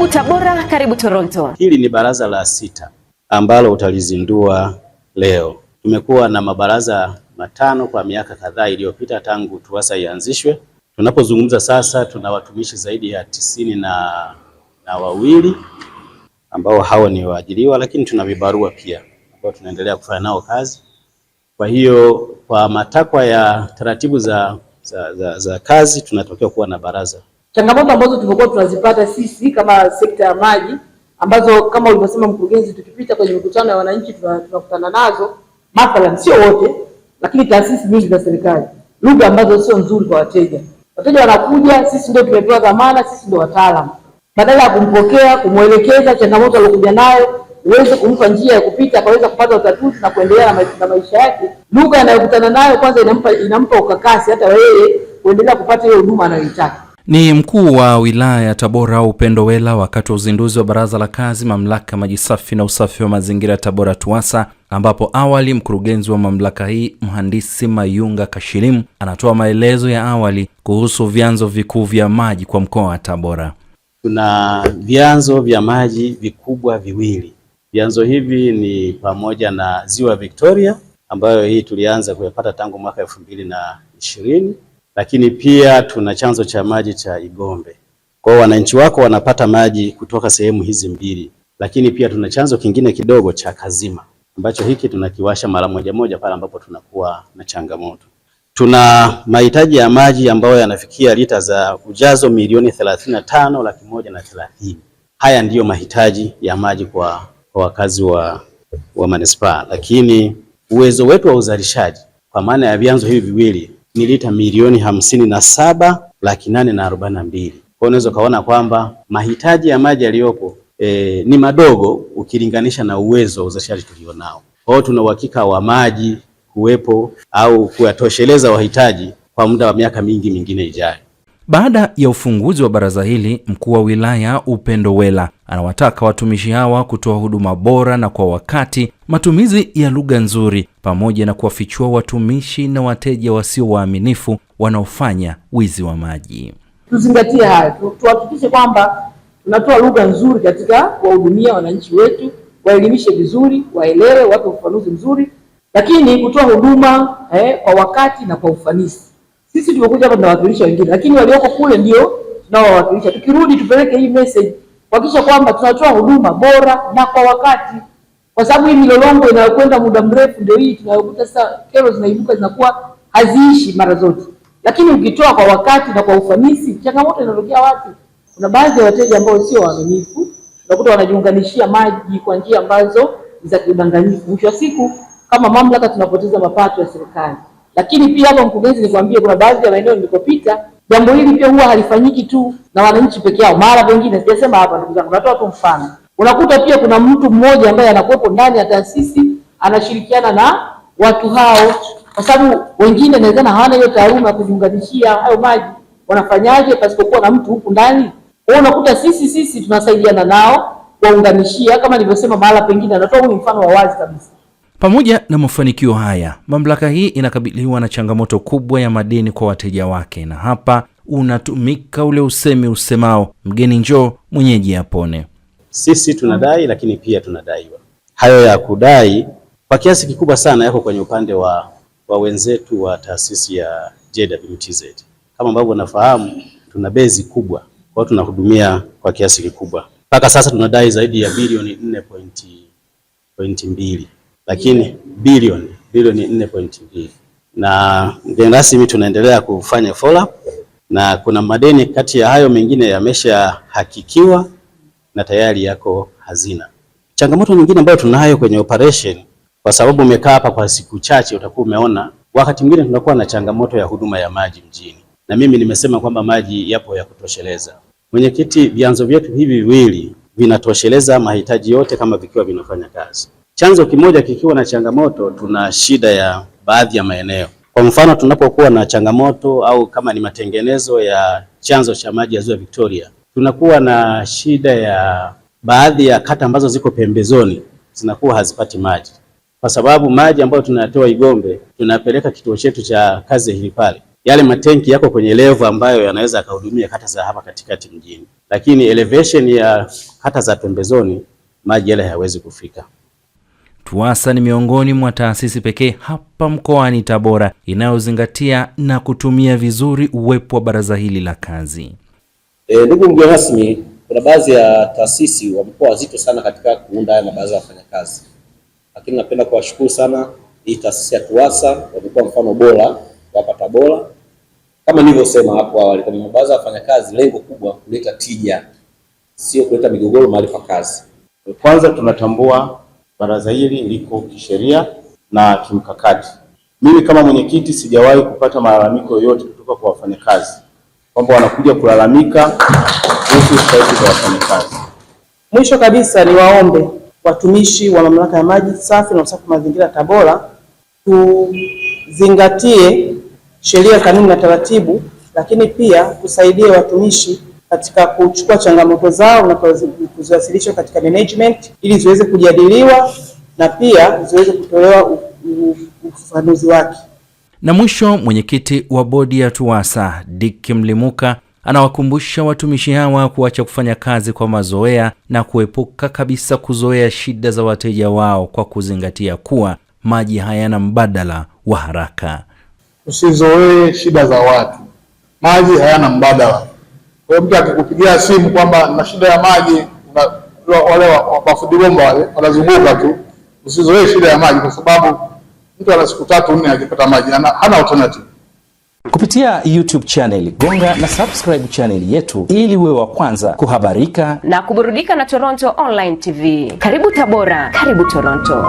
Karibu Tabora, karibu Toronto. Hili ni baraza la sita ambalo utalizindua leo. Tumekuwa na mabaraza matano kwa miaka kadhaa iliyopita tangu TUWASA ianzishwe. Tunapozungumza sasa, tuna watumishi zaidi ya tisini na, na wawili ambao hawa ni waajiriwa, lakini tuna vibarua pia ambao tunaendelea kufanya nao kazi. Kwa hiyo kwa matakwa ya taratibu za, za, za, za kazi tunatokea kuwa na baraza Changamoto ambazo tumekuwa tunazipata sisi kama sekta ya maji ambazo kama ulivyosema mkurugenzi, tukipita kwenye mikutano ya wananchi tunakutana nazo, mathalan, sio wote, lakini taasisi nyingi za serikali, lugha ambazo sio nzuri kwa wateja. Wateja wanakuja, sisi ndio tumepewa dhamana, sisi ndio wataalamu. Badala ya kumpokea, kumwelekeza changamoto aliyokuja nayo, uweze kumpa njia ya kupita akaweza kupata utatuzi na kuendelea na maisha yake, lugha anayokutana nayo kwanza inampa, inampa ukakasi hata yeye kuendelea kupata ile huduma anayoitaka. Ni mkuu wa wilaya ya Tabora Upendo Wela wakati wa uzinduzi wa baraza la kazi mamlaka maji safi na usafi wa mazingira ya Tabora TUWASA, ambapo awali mkurugenzi wa mamlaka hii mhandisi Mayunga Kashilimu anatoa maelezo ya awali kuhusu vyanzo vikuu vya maji kwa mkoa wa Tabora. Tuna vyanzo vya maji vikubwa viwili. Vyanzo hivi ni pamoja na ziwa Victoria ambayo hii tulianza kuyapata tangu mwaka elfu mbili na ishirini lakini pia tuna chanzo cha maji cha Igombe. Kwa hiyo wananchi wako wanapata maji kutoka sehemu hizi mbili, lakini pia tuna chanzo kingine kidogo cha Kazima ambacho hiki tunakiwasha mara moja moja pale ambapo tunakuwa na changamoto. Tuna mahitaji ya maji ambayo yanafikia lita za ujazo milioni thelathini na tano laki moja na thelathini. Haya ndiyo mahitaji ya maji kwa wakazi wa, wa manispaa, lakini uwezo wetu wa uzalishaji kwa maana ya vyanzo hivi viwili ni lita milioni hamsini na saba laki nane na arobaini na mbili. Kwa hiyo unaweza ukaona kwamba mahitaji ya maji yaliyopo e, ni madogo ukilinganisha na uwezo wa uzalishaji tulionao. Kwa hiyo tuna uhakika wa maji kuwepo au kuyatosheleza wahitaji kwa muda wa miaka mingi mingine ijayo. Baada ya ufunguzi wa baraza hili, mkuu wa wilaya Upendo Wela anawataka watumishi hawa kutoa huduma bora na kwa wakati, matumizi ya lugha nzuri, pamoja na kuwafichua watumishi na wateja wasio waaminifu wanaofanya wizi wa maji. Tuzingatie haya, tuhakikishe kwamba tunatoa lugha nzuri katika kuwahudumia wananchi wetu, waelimishe vizuri, waelewe, wape ufafanuzi mzuri, lakini kutoa huduma eh, kwa wakati na kwa ufanisi. Sisi tumekuja hapa tunawakilisha wengine, lakini walioko kule ndio tunaowawakilisha. Tukirudi tupeleke hii message kuhakikisha kwamba tunatoa huduma bora na kwa wakati, kwa sababu hii milolongo inayokwenda muda mrefu ndio hii tunayokuta sasa, kero zinaibuka zinakuwa haziishi mara zote, lakini ukitoa kwa wakati na kwa ufanisi, changamoto inatokea wapi? Kuna baadhi ya wateja ambao sio waaminifu, unakuta wanajiunganishia maji kwa njia ambazo za kidanganyifu. Mwisho wa siku, kama mamlaka tunapoteza mapato ya serikali. Lakini pia hapo, mkurugenzi, nikwambie kuna baadhi ya maeneo nilipopita, jambo hili pia huwa halifanyiki tu na wananchi peke yao, mara pengine, sijasema hapa, ndugu zangu, natoa tu mfano. Unakuta pia kuna mtu mmoja ambaye anakuwepo ndani ya taasisi anashirikiana na watu hao, kwa sababu wengine nawezekana hawana hiyo taaluma ya kujiunganishia hayo maji, wanafanyaje pasipokuwa na mtu huku ndani? Kwa hiyo unakuta sisi sisi tunasaidiana nao kuwaunganishia, kama nilivyosema, mahala pengine, natoa huu mfano wa wazi kabisa pamoja na mafanikio haya, mamlaka hii inakabiliwa na changamoto kubwa ya madeni kwa wateja wake, na hapa unatumika ule usemi usemao mgeni njoo mwenyeji apone. Sisi tunadai lakini pia tunadaiwa. Hayo ya kudai kwa kiasi kikubwa sana yako kwenye upande wa, wa wenzetu wa taasisi ya JWTZ. Kama ambavyo unafahamu, tuna bezi kubwa, kwa hiyo tunahudumia kwa kiasi kikubwa. Mpaka sasa tunadai zaidi ya bilioni 4.2 lakini bilioni bilioni 4.2 na mgeni rasmi, tunaendelea kufanya follow up na kuna madeni kati ya hayo mengine yameshahakikiwa na tayari yako hazina. Changamoto nyingine ambayo tunayo kwenye operation, kwa sababu umekaa hapa kwa siku chache, utakuwa umeona wakati mwingine tunakuwa na changamoto ya huduma ya maji mjini, na mimi nimesema kwamba maji yapo ya kutosheleza. Mwenyekiti, vyanzo vyetu hivi viwili vinatosheleza mahitaji yote kama vikiwa vinafanya kazi chanzo kimoja kikiwa na changamoto, tuna shida ya baadhi ya maeneo. Kwa mfano, tunapokuwa na changamoto au kama ni matengenezo ya chanzo cha maji ya Ziwa Victoria, tunakuwa na shida ya baadhi ya kata ambazo ziko pembezoni zinakuwa hazipati maji, kwa sababu maji ambayo tunayatoa Igombe tunapeleka kituo chetu cha kazi hili pale yale matenki yako kwenye levo ambayo yanaweza yakahudumia kata za hapa katikati mjini, lakini elevation ya kata za pembezoni maji yale hayawezi kufika. TUWASA ni miongoni mwa taasisi pekee hapa mkoani Tabora inayozingatia na kutumia vizuri uwepo wa baraza hili la kazi. E, ndugu mgeni rasmi, kuna baadhi ya taasisi wamekuwa wazito sana katika kuunda haya mabaraza ya wafanyakazi, lakini napenda kuwashukuru sana hii taasisi ya TUWASA, wamekuwa mfano bora hapa Tabora. Kama nilivyosema hapo awali, kwa mabaraza ya wafanyakazi lengo kubwa kuleta tija, sio kuleta migogoro mahali pa kazi. Kwanza tunatambua Baraza hili liko kisheria na kimkakati. Mimi kama mwenyekiti sijawahi kupata malalamiko yoyote kutoka kwa wafanyakazi kwamba wanakuja kulalamika kuhusu stahiki za wafanyakazi. Mwisho kabisa, ni waombe watumishi wa mamlaka ya maji safi na usafi mazingira Tabora tuzingatie sheria, kanuni na taratibu, lakini pia tusaidie watumishi katika kuchukua changamoto zao na kuziwasilisha katika management ili ziweze kujadiliwa na pia ziweze kutolewa ufafanuzi wake. Na mwisho, mwenyekiti wa bodi ya TUWASA Dick Mlimuka anawakumbusha watumishi hawa kuacha kufanya kazi kwa mazoea na kuepuka kabisa kuzoea shida za wateja wao kwa kuzingatia kuwa maji hayana mbadala wa haraka. Usizoee shida za watu, maji hayana mbadala kwa hiyo mtu akikupigia simu kwamba na shida ya maji, wale mafundi bomba wale wanazunguka tu, usizoee shida ya maji, kwa sababu mtu ana siku tatu nne akipata maji hana alternative. Kupitia YouTube channel gonga na subscribe channel yetu ili uwe wa kwanza kuhabarika na kuburudika na Toronto Online TV. Karibu Tabora, karibu Toronto.